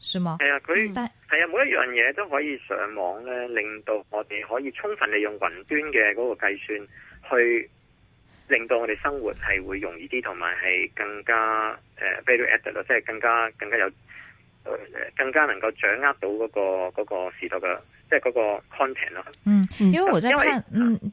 是嗎？係啊，佢係啊，每一樣嘢都可以上網咧，令到我哋可以充分利用雲端嘅嗰個計算，去令到我哋生活係會容易啲，同埋係更加誒、呃、better at 咯，即係更加更加有，呃、更加能夠掌握到嗰個嗰個時代嘅，即係嗰個 content 咯。嗯，因為我在看，因為嗯。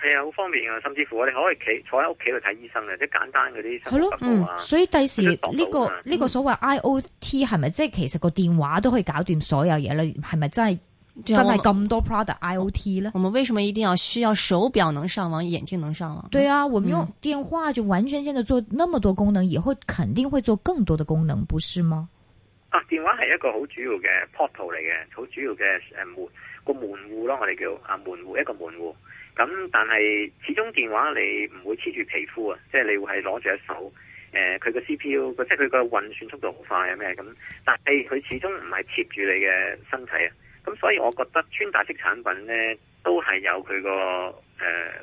係啊，好方便啊！甚至乎我哋可以企坐喺屋企去睇醫生的啊，即係簡單嗰啲生活服務啊。係咯，嗯，所以第時呢個呢個所謂 I O T 係咪即係其實個電話都可以搞掂所有嘢咧？係咪真係真係咁多 product I O T 咧？嗯、我們為什麼一定要需要手表能上網、眼鏡能上網？對啊，我們用電話就完全現在做那麼多功能，以後肯定會做更多的功能，不是嗎？啊，電話係一個好主要嘅 portal 嚟嘅，好主要嘅誒門個門戶咯，我哋叫啊門戶一個門戶。咁但係始終電話你唔會黐住皮膚啊，即、就、係、是、你會係攞住一手，誒、呃，佢個 C P U，即係佢個運算速度好快啊咩咁，但係佢、欸、始終唔係貼住你嘅身體啊，咁所以我覺得穿戴式產品呢都係有佢、呃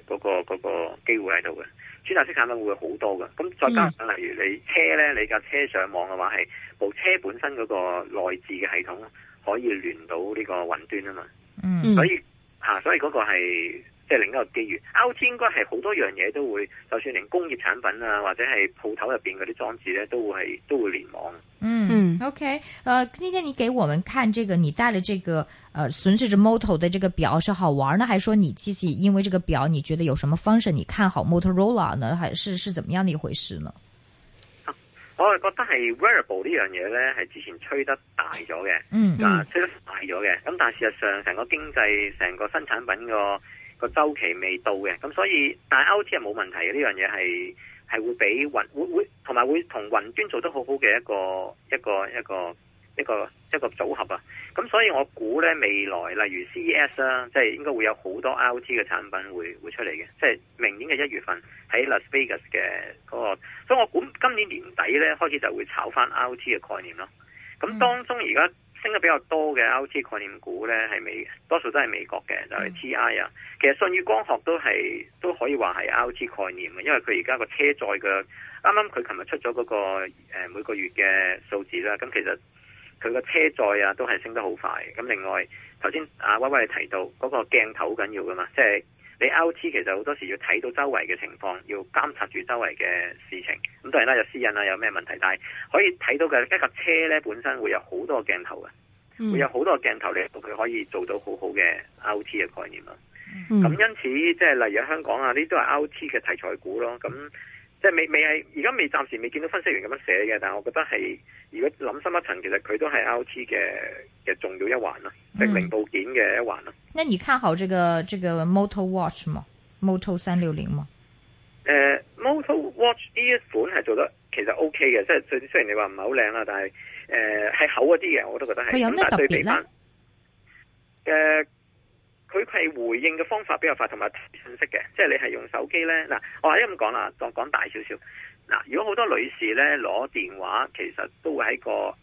那個誒嗰、那個嗰、那個機會喺度嘅，穿戴式產品會好多嘅，咁再加上例如你車呢，你架車上網嘅話係部車本身嗰個內置嘅系統可以聯到呢個雲端啊嘛，嗯，所以吓、啊，所以嗰個係。即係另一個機遇 IoT 應該係好多樣嘢都會，就算連工業產品啊，或者係鋪頭入邊嗰啲裝置咧，都會係都會聯網。嗯，嗯，OK，誒、呃，今天你給我們看這個，你帶了這個，誒、呃，甚至係 Moto 嘅的這個表，是好玩呢，還是說你自己因為這個表你覺得有什麼 function，你看好 Motorola 呢，還是是怎麼樣的一回事呢？我係覺得係 wearable 呢樣嘢咧，係之前吹得大咗嘅，嗱、啊，吹得大咗嘅，咁但係事實上成個經濟、成個新產品個。個周期未到嘅，咁所以但係 IoT 係冇問題嘅，呢樣嘢係係會俾雲會會同埋會同雲端做得好好嘅一個一個一個一個一個組合啊！咁所以我估呢，未來例如 CES 啦，即係應該會有好多 IoT 嘅產品會會出嚟嘅，即係明年嘅一月份喺 Las Vegas 嘅嗰個，所以我估今年年底呢，開始就會炒翻 IoT 嘅概念咯。咁當中而家。升得比較多嘅 LT 概念股呢，係美多數都係美國嘅，就係、是、TI 啊。嗯、其實舜宇光學都係都可以話係 LT 概念嘅，因為佢而家個車載嘅，啱啱佢琴日出咗嗰、那個、呃、每個月嘅數字啦。咁其實佢個車載啊都係升得好快。咁另外，頭先阿威威提到嗰、那個鏡頭好緊要㗎嘛，即係。你 L T 其實好多時候要睇到周圍嘅情況，要監察住周圍嘅事情。咁當然啦，有私隱啦，有咩問題。但係可以睇到嘅一架車咧，本身會有好多鏡頭嘅，嗯、會有好多鏡頭嚟到佢可以做到好好嘅 L T 嘅概念咯。咁、嗯、因此，即係例如香港啊，呢啲都係 L T 嘅題材股咯。咁即係未未係，而家未暫時未見到分析員咁樣寫嘅，但係我覺得係如果諗深一層，其實佢都係 LT 嘅嘅重要一環啦，嗯、即係零部件嘅一環啦。那你看好這個這個 Moto Watch 嗎？Moto 三六零嗎？誒 Moto Watch 呢一款係做得其實 OK 嘅，即係雖然你話唔係好靚啦，但係誒係厚一啲嘅，我都覺得係。佢有咩特別咧？誒。呃佢係回應嘅方法比較快，同埋信息嘅，即係你係用手機咧。嗱、啊，我一咁講啦，當講大少少。嗱，如果好多女士咧攞電話，其實都會喺個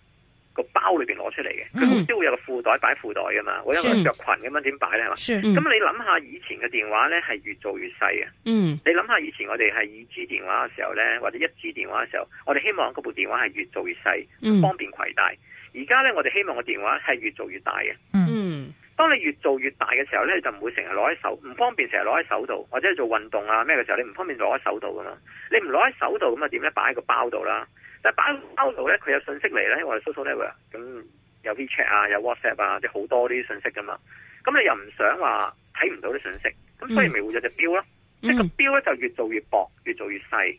個包裏邊攞出嚟嘅。佢都會有個褲袋擺褲袋噶嘛，或者着裙咁樣點擺咧嘛。咁、嗯嗯、你諗下以前嘅電話咧係越做越細嘅。嗯，你諗下以前我哋係二 G 電話嘅時候咧，或者一 G 電話嘅時候，我哋希望嗰部電話係越做越細，嗯、方便攜帶。而家咧我哋希望個電話係越做越大嘅。嗯。嗯當你越做越大嘅時候呢，你就唔會成日攞喺手，唔方便成日攞喺手度，或者係做運動啊咩嘅時候，你唔方便攞喺手度㗎嘛？你唔攞喺手度咁啊？點呢？擺喺個包度啦。但係擺喺包度呢，佢有信息嚟，呢。我哋 social network 咁有 WeChat 啊，有 WhatsApp 啊，即係好多呢啲信息㗎嘛。咁你又唔想話睇唔到啲信息，咁所以咪換咗隻表咯。Mm. Mm. 即係個表呢就越做越薄，越做越細，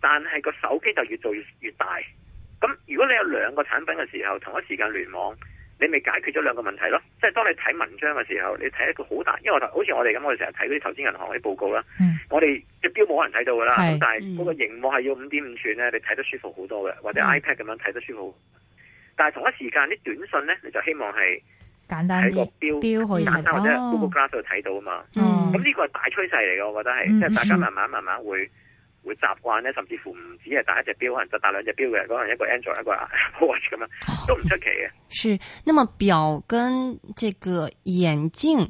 但係個手機就越做越越大。咁如果你有兩個產品嘅時候，同一時間聯網。你咪解決咗兩個問題咯，即係當你睇文章嘅時候，你睇一個好大，因為好我好似我哋咁，我哋成日睇嗰啲投資銀行嗰啲報告啦。嗯、我哋隻標冇人睇到噶啦，嗯、但係嗰個熒幕係要五點五寸咧，你睇得舒服好多嘅，或者 iPad 咁樣睇得舒服。嗯、但係同一時間啲短信咧，你就希望係簡單睇個標，簡單或者 Google Glass 度睇到啊嘛。咁呢、嗯嗯、個係大趨勢嚟嘅，我覺得係，即係大家慢慢慢慢會。嗯嗯會習慣咧，甚至乎唔止係戴一隻表，可能就戴兩隻表嘅人。可能一個 Android 一個 Apple Watch 咁樣，都唔出奇嘅。是，那麼表跟這個眼鏡，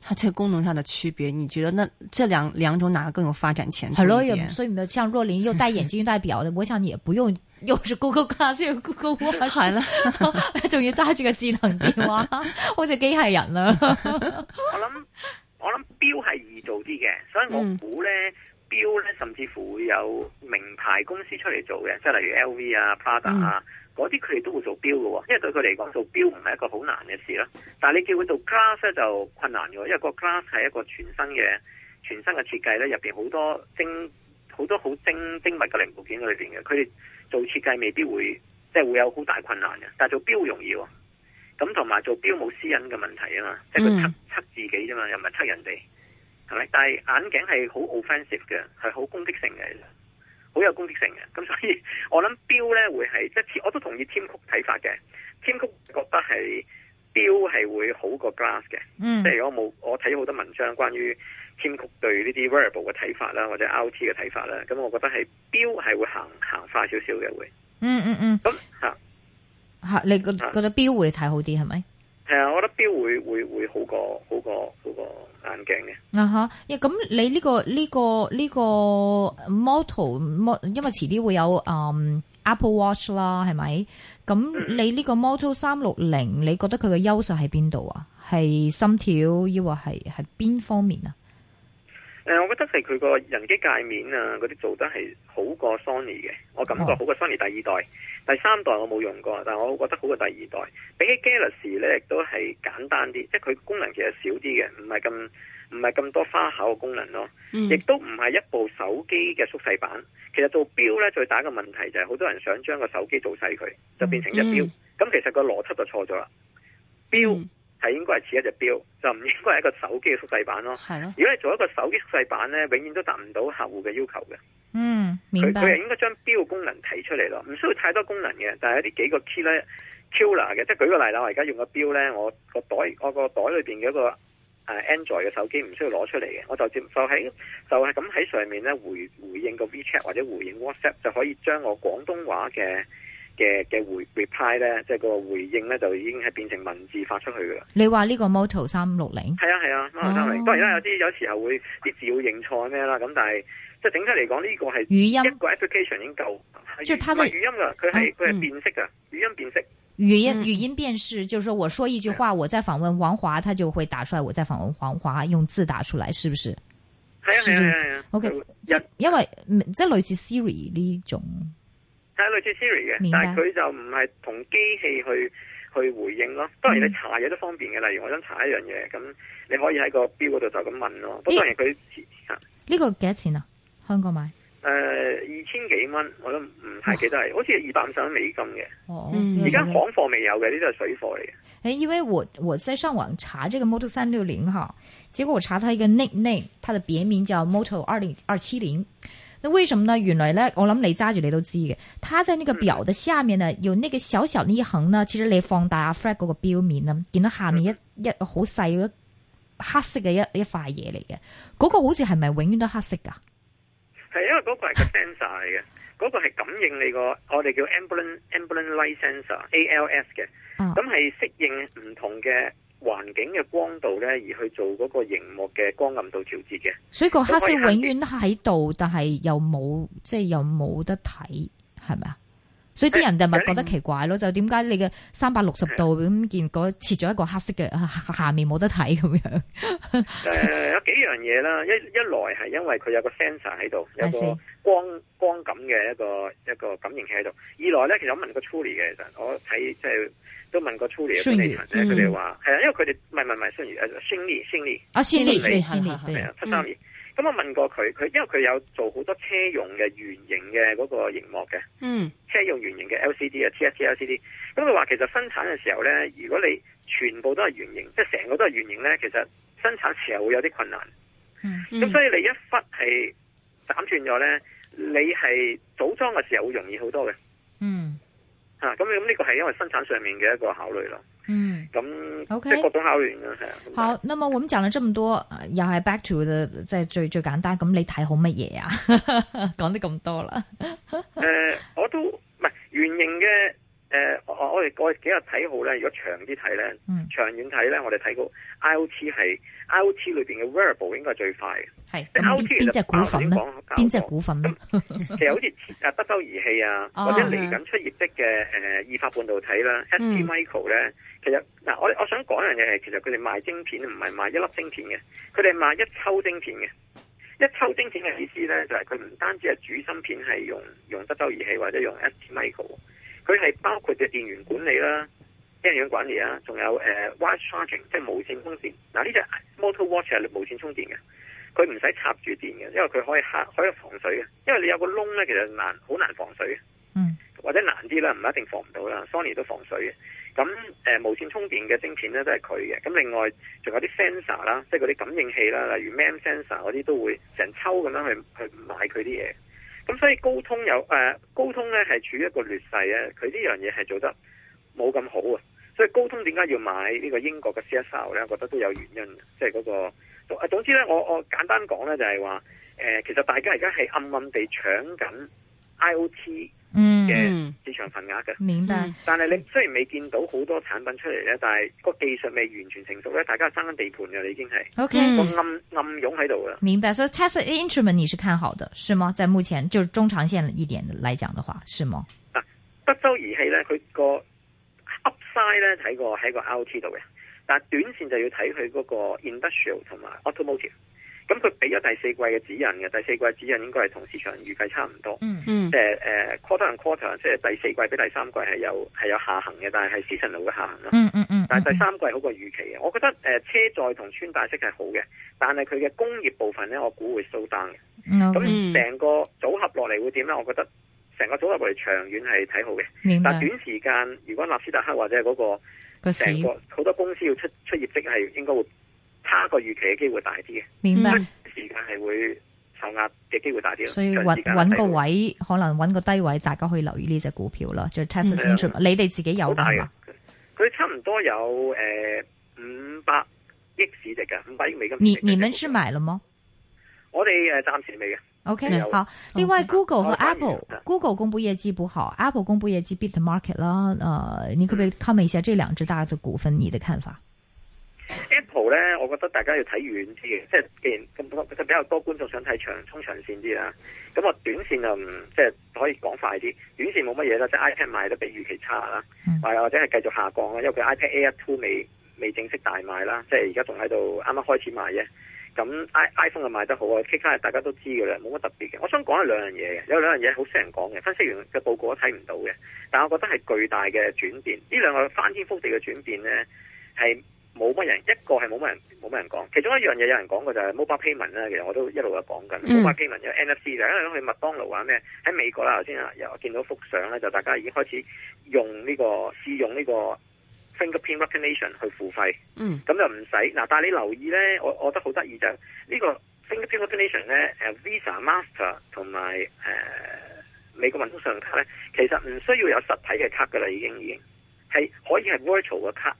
它這個功能上嘅區別，你覺得呢？這兩兩種哪個更有發展前途？好咯，所以咪，像若琳又戴眼鏡又戴表，嗯、我想你也不用，又是 Google Glass，又 Google Watch 啦是，仲 要揸住個智能電話，好似機械人啦 我諗，我諗表係易做啲嘅，所以我估咧、嗯。表咧，甚至乎會有名牌公司出嚟做嘅，即係例如 LV 啊、Prada 啊，嗰啲佢哋都會做表嘅，因為對佢嚟講做表唔係一個好難嘅事咯。但係你叫佢做 Glass 咧，就困難嘅，因為個 Glass 係一個全新嘅全新嘅設計咧，入邊好多精好多好精精密嘅零部件喺裏邊嘅，佢哋做設計未必會即係會有好大困難嘅。但係做表容易，咁同埋做表冇私隱嘅問題啊嘛，即係佢測測自己啫嘛，又唔係測人哋。但係眼鏡係好 offensive 嘅，係好攻擊性嘅，好有攻擊性嘅。咁所以我諗標咧會係即係我都同意添曲睇法嘅。添曲覺得係標係會好過 glass 嘅。嗯、即係如果冇我睇好多文章關於添曲對呢啲 wearable 嘅睇法啦，或者 RT 嘅睇法啦，咁我覺得係標係會行行快少少嘅會。嗯嗯嗯。咁吓吓你覺得個標、啊、會睇好啲係咪？係啊、呃，我覺得標會會會好過好過好過。好過眼鏡嘅，啊吓、uh？咁、huh。你呢個呢個呢個 Moto 因為遲啲會有、嗯、Apple Watch 啦，係咪？咁你呢個 Moto 三六零，你覺得佢嘅優勢喺邊度啊？係心跳，抑或係係邊方面啊？誒、呃，我覺得係佢個人機界面啊，嗰啲做得係好過 Sony 嘅，我感覺好過 Sony，哦，、第二代、第三代我冇用過，但係我覺得好過第二代。比起 Galaxy 咧，亦都係簡單啲，即係佢功能其實少啲嘅，唔係咁唔係咁多花巧嘅功能咯。亦、嗯、都唔係一部手機嘅縮細版。其實做表咧，最大嘅問題就係，好多人想將個手機做細佢，就變成一表。咁、嗯嗯、其實個邏輯就錯咗啦。表、嗯。嗯係應該係似一隻表，就唔應該係一個手機嘅縮細版咯。係咯、嗯。如果你做一個手機縮細版咧，永遠都達唔到客戶嘅要求嘅。嗯，明白佢佢係應該將表嘅功能睇出嚟咯，唔需要太多功能嘅。但係有啲幾個 key 咧，killer 嘅。即係舉個例啦，我而家用個表咧，我個袋我個袋裏邊嘅一個誒 Android 嘅手機，唔需要攞出嚟嘅。我就接就喺就係咁喺上面咧回回應個 WeChat 或者回應 WhatsApp 就可以將我廣東話嘅。嘅嘅回 reply 咧，即係個回應咧，就已經係變成文字發出去噶啦。你話呢個 Moto 三六零，係啊係啊，三六零。不過而家有啲有時候會啲字會認錯咩啦，咁但係即係整體嚟講，呢個係語音一個 application 已經夠。即係佢語音噶，佢係佢係辨識噶，語音辨識。語音語音辨識，就是我說一句話，我再訪問王華，他就會打出來。我再訪問王華，用字打出來，是不是？係啊係啊係啊。O K，因因為即係類似 Siri 呢種。類似 Siri 嘅，但係佢就唔係同機器去去回應咯。當然你查嘢都方便嘅，例如我想查一樣嘢，咁你可以喺個表嗰度就咁問咯。不過佢呢個幾多錢啊？香港買誒、呃、二千幾蚊，我都唔太記得係，哦、好似二百五十蚊美金嘅。哦，而家、嗯、行貨未有嘅，呢啲係水貨嚟嘅。誒，因為我我在上網查這個 Moto 三六零哈，結果我查到一個 nickname，它的別名叫 Moto 二零二七零。為什麼呢？原來咧，我諗你揸住你都知嘅。它在那個錶的下面呢，嗯、有那個小小呢一行呢，其實你放大阿 Fred 嗰個錶面啊，見到下面一、嗯、一好細一黑色嘅一一塊嘢嚟嘅。嗰、那個好似係咪永遠都黑色噶？係因為嗰個係個 sensor 嚟嘅，嗰個係感應你、啊、個應我哋叫 ambient ambient light sensor ALS 嘅，咁係適應唔同嘅。環境嘅光度咧，而去做嗰個熒幕嘅光暗度調節嘅，所以個黑色永遠都喺度，但係又冇即係又冇得睇，係咪啊？所以啲人就咪覺得奇怪咯，的就點解你嘅三百六十度咁見嗰設咗一個黑色嘅下面冇得睇咁樣？誒、 呃，有幾樣嘢啦，一一來係因為佢有個 sensor 喺度，有個光的光感嘅一個一個感應器喺度；二來咧，其實我問過 Truly 嘅，其實我睇即係。就是都問過 Truly 嘅房地產呢，佢哋話係啊，因為佢哋唔係唔係唔係星利星利啊，星利星利係啊，七三年。咁我問過佢，佢因為佢有做好多車用嘅圓形嘅嗰個熒幕嘅，嗯，車用圓形嘅 LCD 啊，TFT LCD。咁佢話其實生產嘅時候呢，如果你全部都係圓形，即係成個都係圓形呢，其實生產時候會有啲困難。嗯，咁所以你一忽係斬斷咗呢，你係組裝嘅時候會容易好多嘅。嗯。啊，咁你呢個係因為生產上面嘅一個考慮咯。嗯，咁那 OK，即係各種考慮嘅係。好，那麼我們講了這麼多，又係 back to 即係最最簡單。咁你睇好乜嘢啊？講得咁多啦。誒，我都唔係圓形嘅。呃、我我哋過幾日睇好咧，如果長啲睇咧，嗯、長遠睇咧，我哋睇到 IOT 係 IOT 裏面嘅 wearable 應該最快嘅。係咁邊隻股份咧？邊隻股份其實好似啊德州儀器啊，啊或者嚟緊出業績嘅誒意法半導體啦、啊、s,、啊、STMicro 咧，其實嗱、呃、我我想講一樣嘢係，其實佢哋賣晶片唔係賣一粒晶片嘅，佢哋賣一抽晶片嘅。一抽晶片嘅意思咧，就係佢唔單止係主芯片係用用德州儀器或者用 STMicro 佢係包括嘅電源管理啦、電源管理啊，仲有誒 wire charging，即係無線充電。嗱、啊，呢隻 motor watch 係無線充電嘅，佢唔使插住電嘅，因為佢可以下可以防水嘅。因為你有個窿咧，其實難好難防水，或者難啲啦，唔一定防唔到啦。Sony 都防水嘅。咁誒無線充電嘅晶片咧都係佢嘅。咁另外仲有啲 sensor 啦，即係嗰啲感應器啦，例如 man sensor 嗰啲都會成抽咁樣去去買佢啲嘢。咁所以高通有誒、呃，高通咧係處於一個劣勢咧，佢呢樣嘢係做得冇咁好啊，所以高通點解要買呢個英國嘅 CSR 咧？我覺得都有原因，即係嗰個總總之咧，我我簡單講咧就係、是、話，誒、呃，其實大家而家係暗暗地搶緊 IOT。嗯嘅市場份額嘅、嗯，明白。但係你雖然未見到好多產品出嚟咧，但係個技術未完全成熟咧，大家爭緊地盤嘅，已經係。O K，個暗暗湧喺度啦。明白。所以 Texas Instrument 你是看好的，是嗎？在目前就中長線一點來講嘅話，是嗎？啊，德州儀器咧，佢個 Upside 咧睇過喺個 RT 度嘅，但係短線就要睇佢嗰個 Industrial 同埋 Automotive。咁佢俾咗第四季嘅指引嘅，第四季指引應該係同市場預計差唔多。嗯嗯，誒誒、呃呃、quarter on quarter，即係第四季俾第三季係有係有下行嘅，但係係 seasonal 會下行咯、嗯。嗯嗯嗯，但係第三季好過預期嘅。我覺得、呃、車載同穿戴式係好嘅，但係佢嘅工業部分咧，我估會收單嘅。咁成、嗯、個組合落嚟會點咧？我覺得成個組合落嚟長遠係睇好嘅。白但短時間，如果納斯達克或者係、那、嗰個成時個好多公司要出出業績，係應該會。下一個預期嘅機會大啲嘅，明白？時間係會受壓嘅機會大啲，所以搵搵個位，可能搵個低位，大家可以留意呢隻股票啦。就 Tesla，你哋自己有噶係嘛？佢差唔多有誒五百億市值嘅，五百億美金。你你們是買了嗎？我哋誒暫時未嘅。OK，好。另外，Google 和 Apple，Google 公布業績不好，Apple 公布業績 beat the market 啦。啊，你可唔可以 comment 一下這兩隻大的股份？你的看法？Apple 咧，我覺得大家要睇遠啲嘅，即係既然咁多，其實比較多觀眾想睇長衝長線啲啦咁啊，短線就唔，即係可以講快啲。短線冇乜嘢啦，即係 iPad 賣得比預期差啦，或、嗯、或者係繼續下降啦，因為佢 iPad Air Two 未未正式大賣啦，即係而家仲喺度啱啱開始賣啫。咁 iPhone 就賣得好啊，其他大家都知噶啦，冇乜特別嘅。我想講係兩樣嘢嘅，有兩樣嘢好少人講嘅，分析員嘅報告都睇唔到嘅，但係我覺得係巨大嘅轉變，呢兩個翻天覆地嘅轉變咧係。冇乜人，一個係冇乜人，冇乜人講。其中一樣嘢有人講過就係 mobile payment 啦。其實我都一路有講緊 mobile payment，有 NFC 就因為去麥當勞啊咩，喺美國啦頭先又見到幅相咧，就大家已經開始用呢、這個試用呢個 fingerprint recognition 去付費。嗯，咁就唔使嗱，但係你留意咧，我我覺得好得意就呢、是這個 fingerprint recognition 咧，誒、呃、Visa Master,、Master 同埋誒美國運通信用卡咧，其實唔需要有實體嘅卡噶啦，已經已經係可以係 virtual 嘅卡。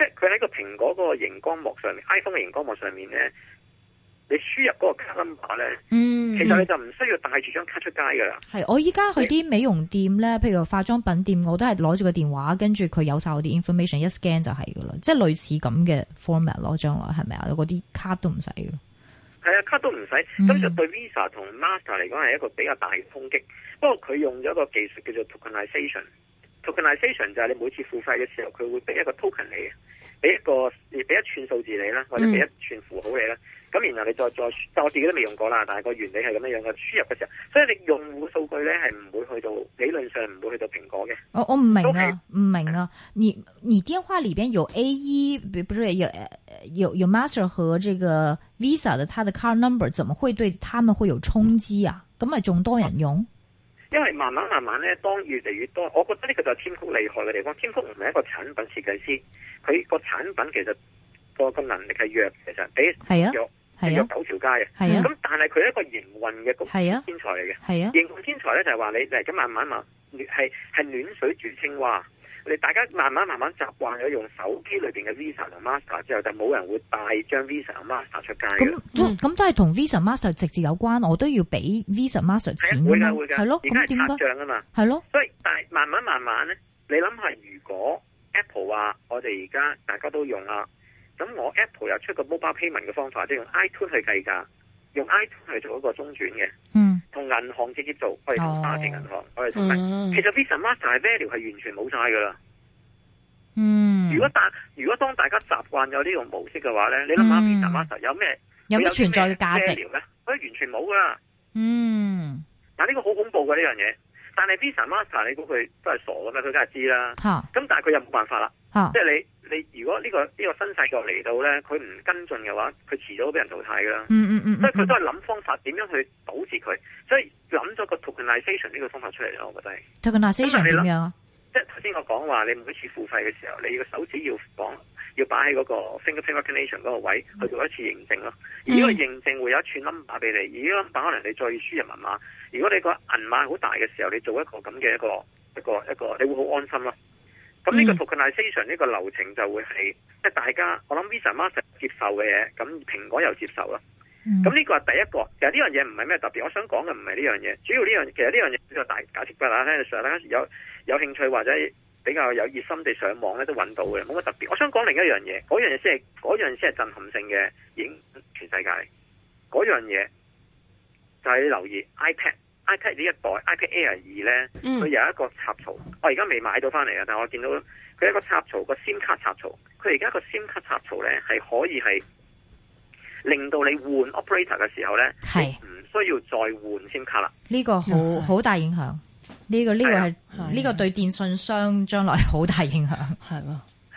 即係佢喺個蘋果個熒光幕上面，iPhone 嘅熒光幕上面咧，你輸入嗰個卡 number 咧，嗯、其實你就唔需要帶住張卡出街噶啦。係我依家去啲美容店咧，譬是如化妝品店，我都係攞住個電話，跟住佢有晒我啲 information，一 scan 就係噶啦，即係類似咁嘅 format 將來係咪啊？嗰啲卡都唔使嘅。係啊，卡都唔使，咁就、嗯、對 Visa 同 Master 嚟講係一個比較大嘅衝擊。不過佢用咗一個技術叫做 tokenization。Tokenization 就係你每次付費嘅時候，佢會俾一個 token 你嘅，俾一個，俾一串數字你啦，或者俾一串符號你啦。咁、嗯、然後你再再，但我自己都未用過啦。但係個原理係咁樣樣嘅，輸入嘅時候，所以你用戶數據咧係唔會去到，理論上唔會去到蘋果嘅、哦。我我唔明啊，唔 Okay 明啊，你你電話裏邊有 AE 不不是有有有 Master 和這個 Visa 嘅，它的 card number 怎麼會對他們會有衝擊啊？咁啊仲多人用？啊因為慢慢慢慢咧，當越嚟越多，我覺得呢個就係天福厲害嘅地方。天福唔係一個產品設計師，佢個產品其實個個能力係弱，其實誒係啊弱係弱九條街嘅，咁、啊、但係佢一個營運嘅啊，係啊天才嚟嘅，係啊，營運天才咧就係話你嚟緊慢慢慢係係暖水煮青蛙。大家慢慢慢慢習慣咗用手機裏邊嘅 Visa 同 Master 之後，就冇人會帶張 Visa 同 Master 出街。咁咁咁都係同 Visa Master 直接有關，我都要俾 Visa Master 錢㗎，係咯。咁點解？係咯、嗯。所以但係慢慢慢慢咧，你諗下，如果 Apple 話我哋而家大家都用啦，咁我 Apple 又出個 mobile payment 嘅方法，即係用 iTunes 去計價，用 iTunes 去做一個中轉嘅。嗯。同銀行直接做，可以同花旗銀行，可以同埋，嗯、其實 Visa Master 係 value 係完全冇晒噶啦。嗯，如果大如果當大家習慣咗呢個模式嘅話咧，你諗下、嗯、Visa Master 有咩有存在嘅價值咧？佢完全冇噶。嗯，嗱呢個好恐怖嘅呢樣嘢。但係 Visa Master，你估佢真係傻嘅咩？佢梗係知啦。吓哈，咁但係佢又冇辦法啦。吓哈，即係你。你如果呢、這個呢、這個新勢力嚟到咧，佢唔跟進嘅話，佢遲早會俾人淘汰噶啦、嗯。嗯嗯嗯，所以佢都係諗方法點樣去堵截佢，所以諗咗個 tokenization 呢個方法出嚟咯。我覺得係 tokenization 點樣？即係頭先我講話，你每一次付費嘅時候，你個手指要放，要擺喺嗰個 fingerprint recognition 嗰個位去做一次認證咯。而呢個認證會有一串 number 俾你，而呢個 number 可能你再輸入密碼。如果你個銀碼好大嘅時候，你做一個咁嘅一個一個一個，一個，你會好安心咯。咁呢個 tokenization 呢個流程就會係即係大家我諗 Visa Master 接受嘅嘢，咁蘋果又接受啦。咁呢、嗯、個係第一個，其實呢樣嘢唔係咩特別。我想講嘅唔係呢樣嘢，主要呢樣其實呢樣嘢比較大解釋嘅啦。上有有興趣或者比較有熱心地上網咧，都揾到嘅，冇乜特別。我想講另一樣嘢，嗰嘢先係嗰樣先係震撼性嘅影響全世界。嗰樣嘢就喺、是、你留意 iPad。iPad 呢一代 iPad Air 二咧，佢有一個插槽。我而家未買到翻嚟啊，但係我見到佢一個插槽個 SIM 卡插槽。佢而家個 SIM 卡插槽咧，係可以係令到你換 operator 嘅時候咧，係唔需要再換 SIM 卡啦。呢、嗯、個好好大影響，呢、嗯，這個呢、這個係呢、啊、個對電信商將來好大影響，係咯。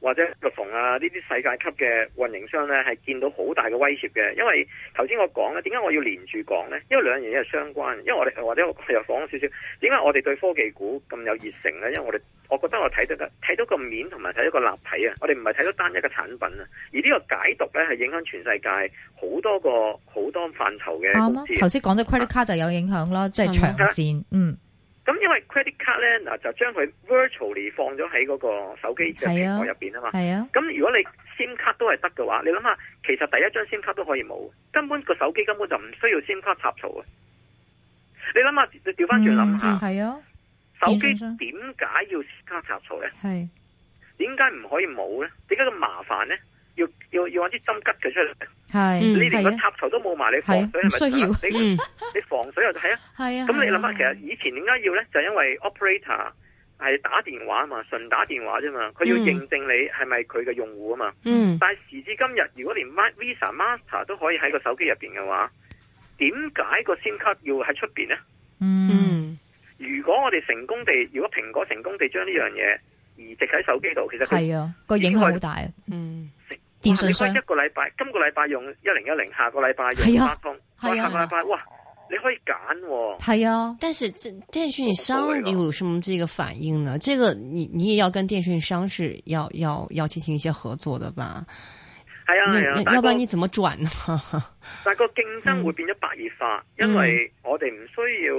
或者陸逢啊呢啲世界級嘅運營商咧，係見到好大嘅威脅嘅，因為頭先我講咧，點解我要連住講咧？因為兩樣嘢係相關，因為我哋或者我又講少少，點解我哋對科技股咁有熱誠咧？因為我哋我覺得我睇得睇到個面同埋睇到個立體啊，我哋唔係睇到單一個產品啊，而呢個解讀咧係影響全世界好多個好多範疇嘅。啱啊！頭先講到 credit card 就有影響囉，即係、啊、長線、啊、嗯。因為 credit card 咧，嗱就將佢 virtually 放咗喺嗰個手機嘅平台入邊啊嘛，咁、啊啊、如果你 sim 卡都係得嘅話，你諗下，其實第一張 sim 卡都可以冇，根本個手機根本就唔需要 sim 卡插槽，想想想想、嗯、啊！你諗下，你調翻轉諗下，係啊，手機點解要 sim 卡插槽咧？係點解唔可以冇咧？點解咁麻煩咧？要要啲針吉佢出嚟，係你連個插頭都冇埋你防水，係咪？你防水又係啊，係啊。咁你諗下，其實以前點解要咧？就因為 operator 係打電話啊嘛，純打電話啫嘛，佢要認證你係咪佢嘅用戶啊嘛。嗯，但係時至今日，如果連 Visa Master 都可以喺個手機入邊嘅話，點解個 SIM 卡要喺出邊咧？嗯，如果我哋成功地，如果蘋果成功地將呢樣嘢移植喺手機度，其實係啊，個影響好大。嗯。電訊商一個禮拜，今個禮拜用一零一零，下個禮拜用八，下個禮拜哇，你可以揀。係啊、哦，但是電訊商，你商有什麼這個反應呢？這個你你也要跟電訊商是要要要進行一些合作的吧？係啊，係啊。要不然你怎麼轉呢？但、那個競爭會變咗白熱化，嗯、因為我哋唔需要，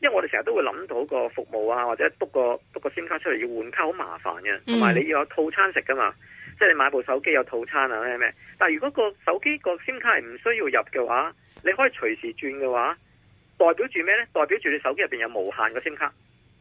因為我哋成日都會諗到個服務啊，或者督個督個 sim 卡出嚟要換卡好麻煩嘅，同埋你要有套餐食噶嘛。即係你買部手機有套餐啊咩咩，但係如果個手機個 SIM 卡係唔需要入嘅話，你可以隨時轉嘅話，代表住咩咧？代表住你手機入邊有無限個 SIM 卡。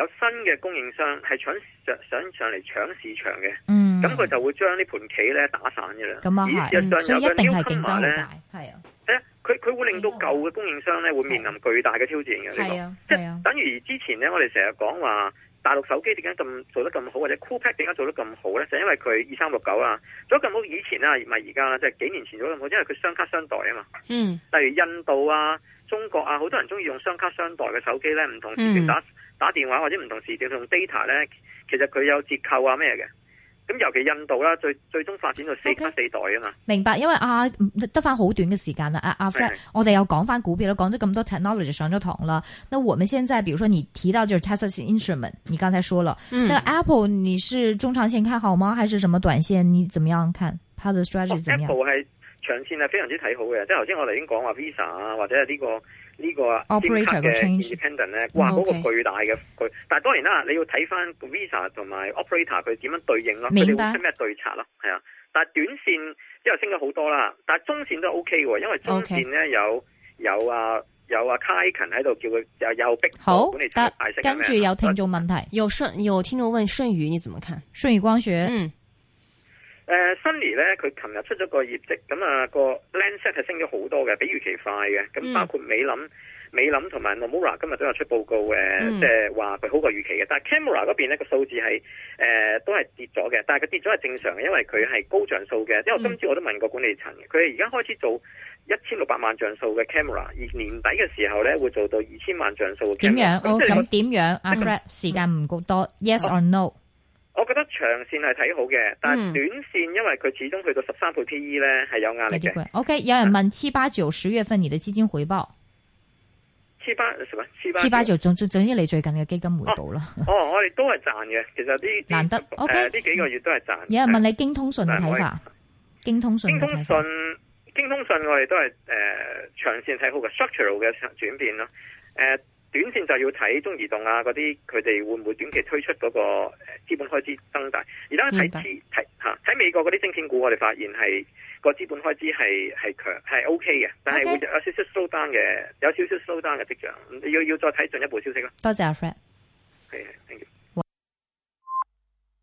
有新嘅供應商係想上嚟搶市場嘅，咁佢就會將呢盤棋咧打散嘅啦。咁所以一定係競爭係啊，佢佢會令到舊嘅供應商咧會面臨巨大嘅挑戰嘅呢個。即係等於之前咧，我哋成日講話大陸手機點解咁做得咁好，或者 Coolpad 點解做得咁好咧？就因為佢二三六九啦。做得咁好以前啦，唔係而家啦，即係幾年前做得咁好，因為佢雙卡雙待啊嘛。嗯，例如印度啊、中國啊，好多人中意用雙卡雙待嘅手機咧，唔同打。打電話或者唔同時段用 data 咧，其實佢有折扣啊咩嘅。咁尤其印度啦，最最終發展到四卡四代啊嘛。Okay，明白，因為啊得翻好短嘅時間啦。啊阿、啊、Fred，的我哋又講翻股票啦，講咗咁多 technology 上咗堂啦。那我們現在，比如說你提到就是 Texas Instruments 你剛才說了，嗯、那 Apple 你是中長線看好嗎？還是什麼短線？你怎麼樣看它的 strategy？Apple、oh，係長線係非常之睇好嘅，即係頭先我哋已經講話 Visa 啊，或者係呢、這個。Oper 呢個 operator 嘅 independent 咧，嗯、哇！嗰、那個巨大嘅佢，嗯 okay、但係當然啦，你要睇翻 Visa 同埋 operator 佢點樣對應咯，即係白有啲咩對策咯，係啊！但係短線之後升咗好多啦，但係中線都 OK 嘅，因為中線咧 Okay 有有啊有啊 Kiken 喺度叫佢又又逼好得，跟住有聽眾問題，啊、有舜有聽眾問舜宇，你點看舜宇光學？嗯。誒，Sony 咧，佢琴日出咗個業績，咁、那、啊個 Lensset 係升咗好多嘅，比預期快嘅。咁、嗯、包括美林、美林同埋 Nomura 今日都有出報告，誒、嗯，即係話佢好過預期嘅。但係 Camera 嗰邊咧個數字係誒、呃、都係跌咗嘅，但係佢跌咗係正常嘅，因為佢係高像素嘅。嗯、因為今次我都問過管理層嘅，佢係而家開始做一千六百萬像素嘅 Camera，而年底嘅時候咧會做到二千萬像素嘅 Camera。咁點樣點樣？阿 Fred、哦、時間唔夠多、嗯、，Yes or No？、啊我覺得長線係睇好嘅，但係短線因為佢始終去到十三倍 P E 咧，係有壓力嘅。嗯、o、okay, K，有人問七八九十月份你嘅基金回報，七八十蚊，七八就總總之你最近嘅基金回報啦。哦，哦，我哋都係賺嘅， 其實啲難得。O K，呢幾個月都係賺。有人問你京通信嘅睇法，京法京，京通信京通信京通信我哋都係誒、呃、長線睇好嘅 structural 嘅轉變咯，誒、呃。短線就要睇中移動啊，嗰啲佢哋會唔會短期推出嗰個資本開支增大？而家睇睇吓，睇明白美國嗰啲芯片股，我哋發現係、個資本開支係係強係 OK 嘅，但係會有少少 slow down 嘅，Okay. 有少少 slow down 嘅跡象，要要再睇進一步消息咯。多謝阿、啊、Fred。係、Okay，thank you。